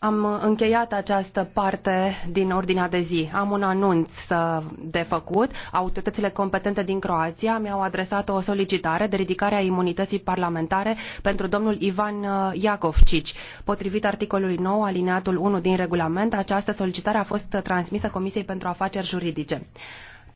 Am încheiat această parte din ordinea de zi. Am un anunț de făcut. Autoritățile competente din Croația mi-au adresat o solicitare de ridicare a imunității parlamentare pentru domnul Ivan uh, Iacovcici. Potrivit articolului 9, alineatul 1 din regulament, această solicitare a fost transmisă Comisiei pentru Afaceri Juridice.